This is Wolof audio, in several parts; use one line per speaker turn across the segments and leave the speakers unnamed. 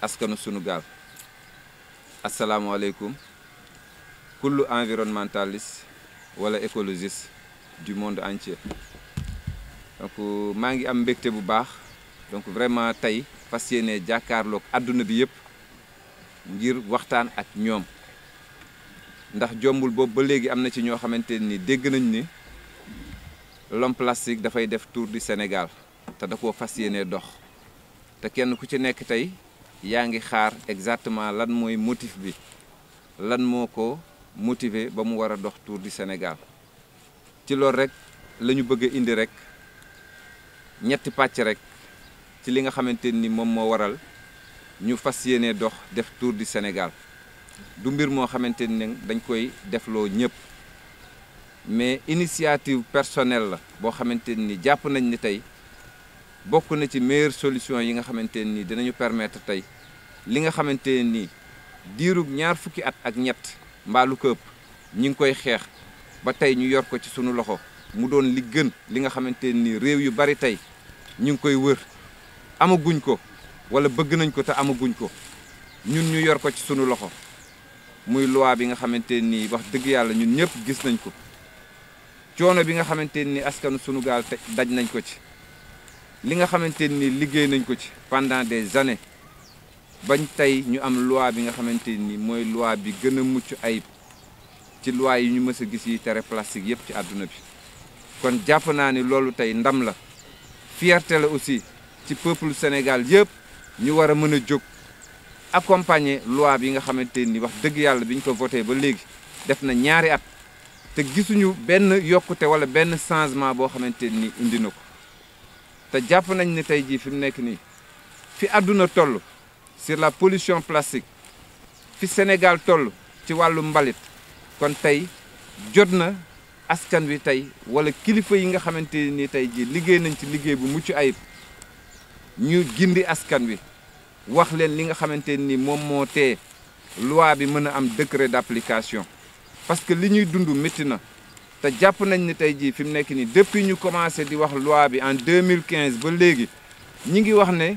askanu sunu Assalamu asalaamualeykum kullu environnementaliste wala écologiste du monde entier donc euh, mangi ngi am mbégte bu baax donc vraiment tay fasciné, yéene jàkkaarloog àdduna bi yëpp ngir waxtaan ak ñoom ndax jombul boobu ba légui amna ci ño xamante ni dégg nañ ni l'homme plastique fay def tour du Sénégal té da koo fas dox té kenn ku ci nekk tay yaa ngi xaar exactement lan mooy motif bi lan moo ko motiver ba mu war a dox tour du Sénégal ci loolu rek la ñu bëgg a indi rek ñetti pàcc rek ci li nga xamante ni moom moo waral ñu fas yéene dox def tour du Sénégal du mbir moo xamante ni dañ koy defloo ñëpp mais initiative personnelle la boo xamante ni jàpp nañ ni tey bokk na ci meilleure solution yi nga xamante nii dinañu permettre tey li nga xamante ni diirub ñaar fukki at ak ñett mbaalu këpp ñi ngi koy xeex ba tey ñu yor ko ci sunu loxo mu doon li gën li nga xamante nii réew yu bari tey ñu ngi koy wër amaguñ ko wala bëgg nañ ko te amaguñ ko ñun ñu yor ko ci sunu loxo muy loi bi nga xamante ni wax dëgg yàlla ñun ñëpp gis nañ ko coono bi nga xamante ni askanu sunu gaal te daj nañ ko ci li nga xamante ni liggéey nañ ko ci pendant des années bañ tey ñu am loi bi nga xamante ni mooy loi bi gën a mucc ayib ci loi yi ñu mës a gis yi tere plastique yëpp ci àdduna bi kon jàpp naa ni loolu tey ndam la fierté la aussi ci peuple Sénégal yëpp ñu war a mën a jóg accompagner luwaa bi nga xamante ni wax dëgg yàlla biñ ko voté ba léegi def na ñaari at te gisuñu benn yokkute wala benn changement boo xamante ni indi na ko te japp nañ ne tey fi mu sur la pollution plastique fi Sénégal toll ci wàllu mbalit kon tey jot askan wi tey wala kilifa yi nga xamante ni nañ ci bu mucc ayib ñu gindi askan wi wax leen li nga ni loi am décret d'application parce que li ñuy dund métti te jàpp nañ ni tey jii fi mu nekk nii depuis ñu commencé di wax loi bi en 2015 ba léegi ñi ngi wax ne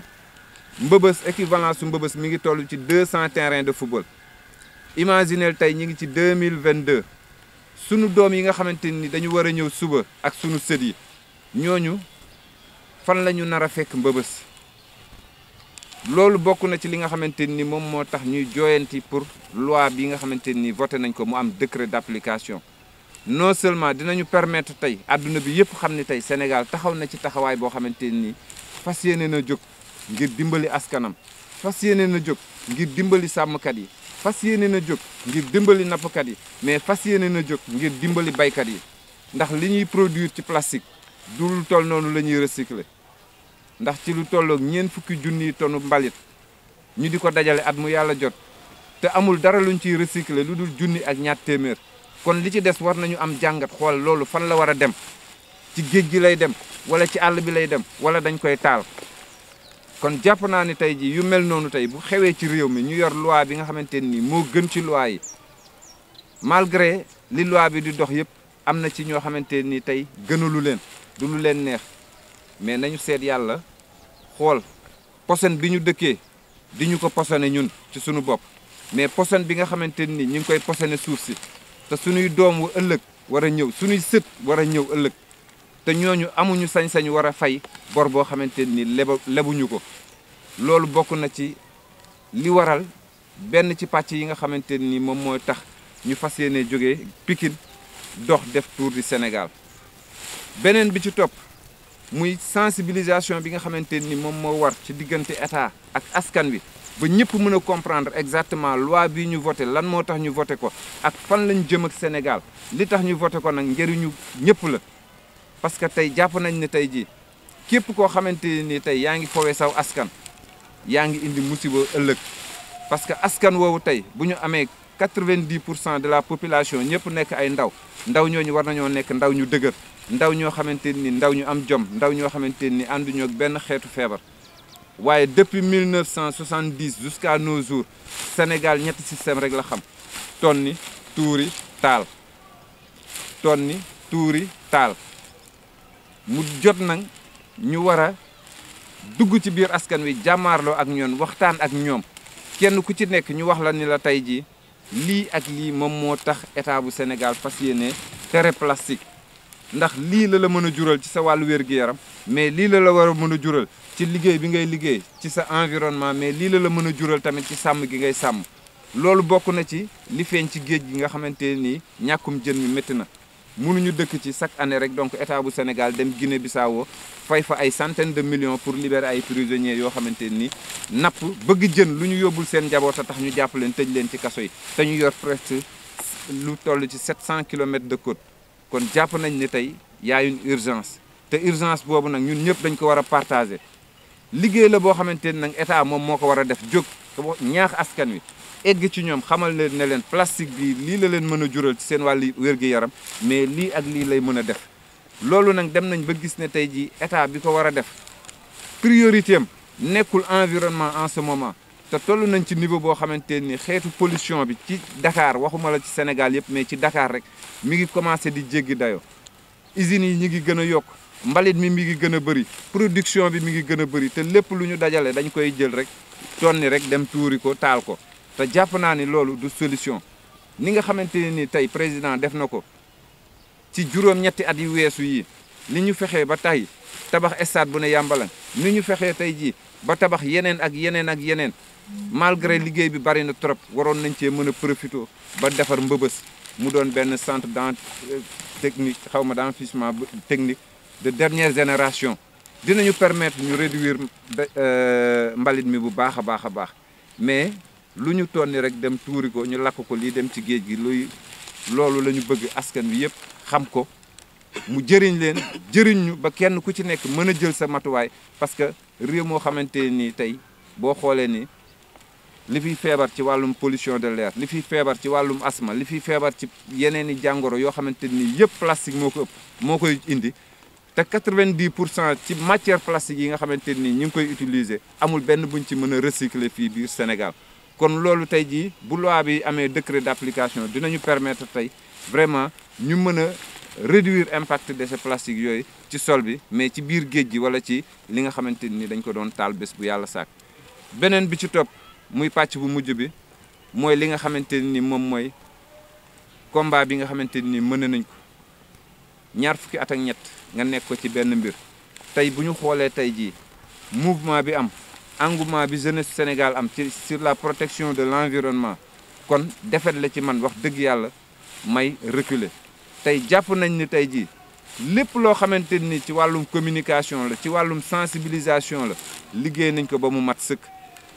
mbëbës équivalence su mbëbës mi ngi toll ci 200 terrain de football imaginez tey ñi ngi ci 2022 sunu doom yi nga xamante ni dañu war a ñëw suba ak sunu sët yi ñooñu fan la ñu nar fekk mbëbës loolu bokk na ci li nga xamante ni moom moo tax ñuy jooyanti pour loi bi nga xamante ni voté nañ ko mu am décret d'application non seulement dinañu permettre tay aduna bi yépp xamni tay Senegal Sénégal taxaw na ci taxaway bo xamanteni ni fas na jog ngir dimbali askanam fas yéene na jog ngir dimbali samkat yi fas yéene na jog ngir dimbali napkat yi mais fas yéene na jog ngir dimbali baykat yi ndax liñuy produire ci plastique dul tol nonu lañuy recycler ndax ci lu ñeen fukki tonu mbalit ñu diko dajale at mu yalla jot te amul dara luñ ci recycler lu temer ak ñaat kon li ci des war nañu am jàngat xool loolu fan la war a dem ci géej gi lay dem wala ci àll bi lay dem wala dañ koy taal kon jàpp naa ni tey jii yu mel noonu tey bu xewee ci réew mi ñu yor loi bi nga xamante ni moo gën ci loi yi malgré li loi bi di dox yëpp am na ci ñoo xamante nii tey gënalu leen du lu leen neex mais nañu seet yàlla xool posen bi ñu dëkkee di ñu ko posone ñun ci suñu bopp mais posen bi nga xamante nii ñu ngi koy posone suuf si te suñuy doom wa ëllëg war a ñëw suñuy sët war a ñëw ëllëg te ñooñu amuñu sañ-sañ war a fay bor boo xamante ni lebuñu ko loolu bokk na ci li waral benn ci pàcc yi nga xamante ni moom moo tax ñu fas yéene jóge Pikine dox def tour du Sénégal beneen bi ci topp muy sensibilisation bi nga xamante ni moom moo war ci diggante état ak askan bi ba ñëpp mën a comprendre exactement loi bi ñu voté lan moo tax ñu voté ko ak fan lañ jëm ak Sénégal li tax ñu voté ko nag njëriñu ñëpp la parce que tey jàpp nañ ne tey jii képp koo xamante ni tey yaa ngi saw askan yaa indi musiba ëllëg parce que askan woowu tey bu ñu amee de la population ñëpp nekk ay ndaw ndaw ñooñu war nañoo nekk ndaw ñu dëgër ndaw ñoo xamante ndaw ñu am jom ndaw ñoo xamante ni ak benn depuis 1970 jusqu'à nos jours Sénégal un système rek la xam tonni turi taal tonni turi taal mu jot ñu dugg ci biir askan wi jàmmaarloo ak ñoon waxtaan ak ñoom kenn ku ci nekk ñu wax la ni la Sénégal terre plastique ndax lii la la mën a jural ci sa wàllu wér-gu-yaram mais lii la la war a mën a jural ci liggéey bi ngay liggéey ci sa environnement mais lii la la mën a jural tamit ci sàmm gi ngay sàmm loolu bokk na ci li feeñ ci géej gi nga xamante nii ñàkkum jën mi métti na mënuñu dëkk ci chaque année rek donc état bu Sénégal dem Guinée Bissau fay fa ay centaines de millions pour libérer ay prisonniers yoo xamante nii napp bëgg jën lu ñu yóbbul seen njaboot a tax ñu jàpp leen tëj leen ci kaso yi yor presque lu toll ci 700 kilomètres de côte kon japp nañ ne tey y une urgence te urgence boobu nag ñun ñëpp dañ ko war a partager liggéey la boo xamante ne nag état moom moo ko war a def jóg ñaax askan wi egg ci ñoom xamal leen ne leen plastique bi lii la leen mën a jural ci seen wàllu wér yaram mais lii ak lii lay mën a def loolu nag dem nañ ba gis ne tey jii état bi ko war a def priorité am nekkul environnement en ce moment te toll nañ ci niveau boo xamante ni xeetu pollution bi ci Dakar waxuma la ci Sénégal yëpp mais ci Dakar rek mi ngi commencé di jéggi dayoo usines yi ñi ngi gën a yokk mbalit mi mi ngi gën a bëri production bi mi ngi gën a bëri te lépp lu ñu dajale dañu koy jël rek tonni rek dem tuuri ko taal ko te jàpp naa ni loolu du solution ni nga xamante ni tey président def na ko ci juróom-ñetti at yu weesu yi ni ñu fexee ba tey tabax des bu ne ba tabax yeneen ak yeneen ak malgré liggéey bi bari na trop waroon nañ ba defar mbëbës mu doon centre euh, technique ma technique de dernière génération dinañu permettre ñu réduire euh, mbalit mi bu baax mais lu tonni rek dem tuuri ñu lakk ko dem ci gi luy bëgg mu jëriñ leen jëriñ ñu ba kenn ku ci nekk mën a jël sa matuwaay parce que réew moo xamante ni tey boo xoolee ni li fi feebar ci wàllum pollution de l'air li fi feebar ci wàllum asma li fi feebar ci yeneen i jàngoro yoo xamante ni yëpp plastique moo ko ëpp moo koy indi te 90 pour cent ci matière plastique yi nga xamante ni ñu ngi koy utiliser amul benn buñ ci mën a recycler fii biir Sénégal kon loolu tey jii bu loi bi amee décret d'application dinañu permettre tey vraiment ñu mën a réduire impact déchets plastiques yooyu ci sol bi mais ci biir géej gi wala ci li nga xamante ni dañ ko doon taal bés bu yàlla sàkk beneen bi ci topp muy pàcc bu mujj bi mooy li nga xamante ni moom mooy combat bi nga xamante ni mën nañ ko ñaar fukki at ak ñett nga nekk ko ci benn mbir tey bu ñu xoolee tey jii mouvement bi am engouement bi jeunesse Sénégal am ci sur la protection de l'environnement kon defet la ci man wax dëgg yàlla may reculer tay japp nañ ni tay ji lépp loo xamanteni ni ci wàllum communication la ci wàllum sensibilisation la liggéey nañ ko ba mu mat sëkk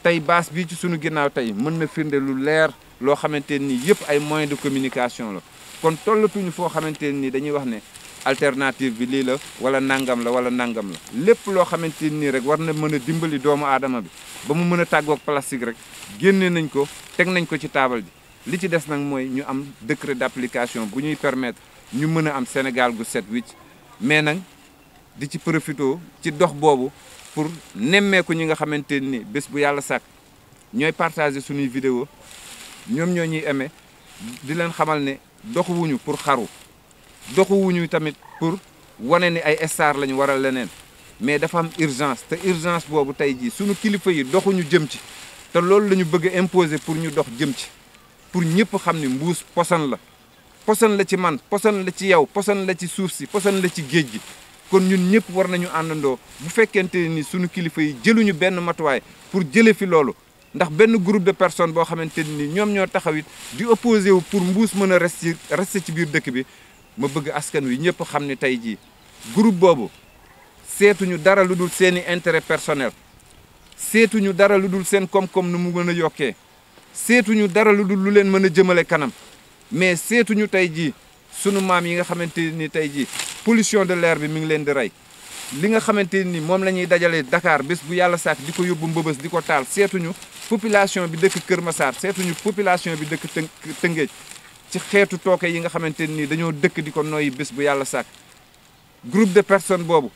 tey baas bii ci sunu ginnaaw tey mën na firnde lu leer loo xamanteni ni yëpp ay moyens de communication la kon tollatuñu foo xamante ni dañuy wax ne alternative bi lii la wala nangam la wala nangam la lépp loo xamanteni nii rek war na mën a dimbali doomu aadama bi ba mu mën a tàggoog plastique rek génne nañ ko teg nañ ko ci table bi li ci des nag mooy ñu am décret d'application bu ñuy permettre ñu mën a am Sénégal gu set wicc mais nag di ci profito ci dox boobu pour nemmeeku ñi nga xamante ni bés bu yàlla sàkk ñooy partager suñuy vidéo ñoom ñoo ñuy aimé di leen xamal ne doxuwuñu pour xaru doxuwuñu tamit pour wane ni ay star lañu waral leneen mais dafa am urgence te urgence boobu tey jii suñu kilifa yi doxuñu jëm ci te loolu la ñu bëgg a pour ñu dox jëm ci pour ñëpp xam ni mbuus posan la poson la ci man poson la ci yow poson la ci suuf si poson la ci géej gi kon ñun ñëpp war nañu àndandoo bu fekkente ni suñu kilifa yi jëluñu benn matuwaay pour jële fi loolu ndax benn groupe de personnes boo xamante ni ñoom ñoo taxawit di opposé wu pour mbuus mën a rester rester ci biir dëkk bi ma bëgg askan wi ñëpp xam ni tey jii groupe boobu seetuñu dara lu dul seeni intérêt personnel seetuñu dara lu dul seen koom-koom nu mu mën a yokkee seetuñu dara lu dul lu leen mën a jëmale kanam mais seetuñu tey jii sunu maam yi nga xamante ni tey jii pollution de l'air bi mi ngi leen di rey li nga xamante ni moom la ñuy dajale dakaar bés bu yàlla sàkk di ko yóbbu mbëbës di ko taal seetuñu population bi dëkk Kër Massar seetuñu population bi dëkk të Tëngéej ci xeetu tooke yi nga xamante ni dañoo dëkk di ko noyyi bés bu yàlla sàkk groupe de personnes boobu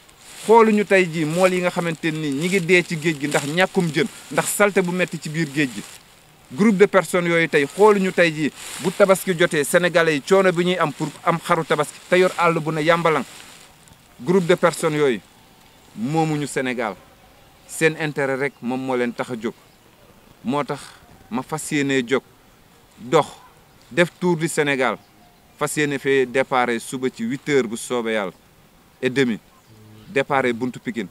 ñu tey jii mool yi nga xamante ni ñi ngi dee ci géej gi ndax ñàkkum jën ndax salte bu metti ci biir géej gi groupe de personnes qui tay été, tay ji bu tabaski joté sénégalais yi biñuy am pour am xaru tabaski Tayor groupe de personnes qui Sénégal intérêt rek ma dox def du Sénégal fas suba heures bu et demi buntu Pikine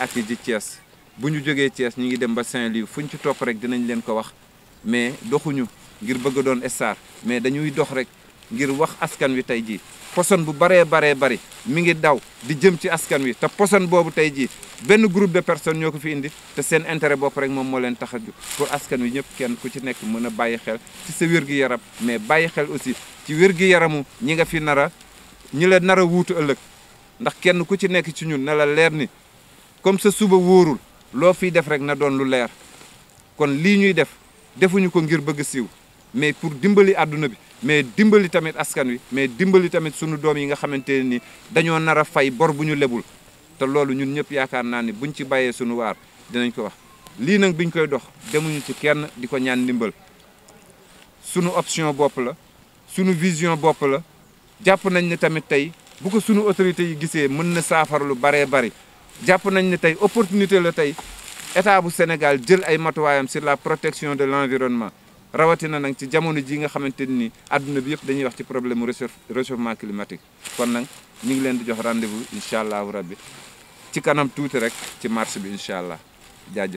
ak bu ñu jógee cees ñu ngi dem ba Saint-Louis fu ñu ci topp rek dinañ leen ko wax mais doxuñu ngir bëgg a doon star mais dañuy dox rek ngir wax askan wi tey jii poson bu baree baree bari mi ngi daw di jëm ci askan wi te poson boobu tey jii benn groupe de personnes ñoo ko fi indi te seen intérêt bopp rek moom moo leen tax a jóg pour askan wi ñëpp kenn ku ci nekk mën a bàyyi xel ci sa wér-gu-yaram mais bàyyi xel aussi ci wér gi yaramu ñi nga fi nar a ñi la nar a wuutu ëllëg ndax kenn ku ci nekk ci ñun na leer ni comme sa suba wóorul loo fiy def rek na doon lu leer kon lii ñuy def defuñu ko ngir bëgg siiw mais pour dimbali àdduna bi mais dimbali tamit askan wi mais dimbali tamit sunu doom yi nga xamante ne ni dañoo nar a fay bor bu ñu lebul te loolu ñun ñëpp yaakaar naa ne buñ ci bàyyee sunu waar dinañ ko wax lii nag biñ koy dox demuñu ci kenn di ko ñaan ndimbal sunu option bopp la sunu vision bopp la jàpp nañ ne tamit tey bu ko sunu autorités yi gisee mën na saafara lu baree bari jàpp nañ ne tey opportunité la tey état bu Sénégal jël ay matuwaayam sur la protection de l'environnement rawatina nag ci jamono ji nga xamante ni adduna bi yëpp dañuy wax ci problème mu réchauffement climatique kon nag ñu ngi leen di jox rendez-vous incha allahu rabbi ci kanam tuuti rek ci marche bi incha allah jaajëf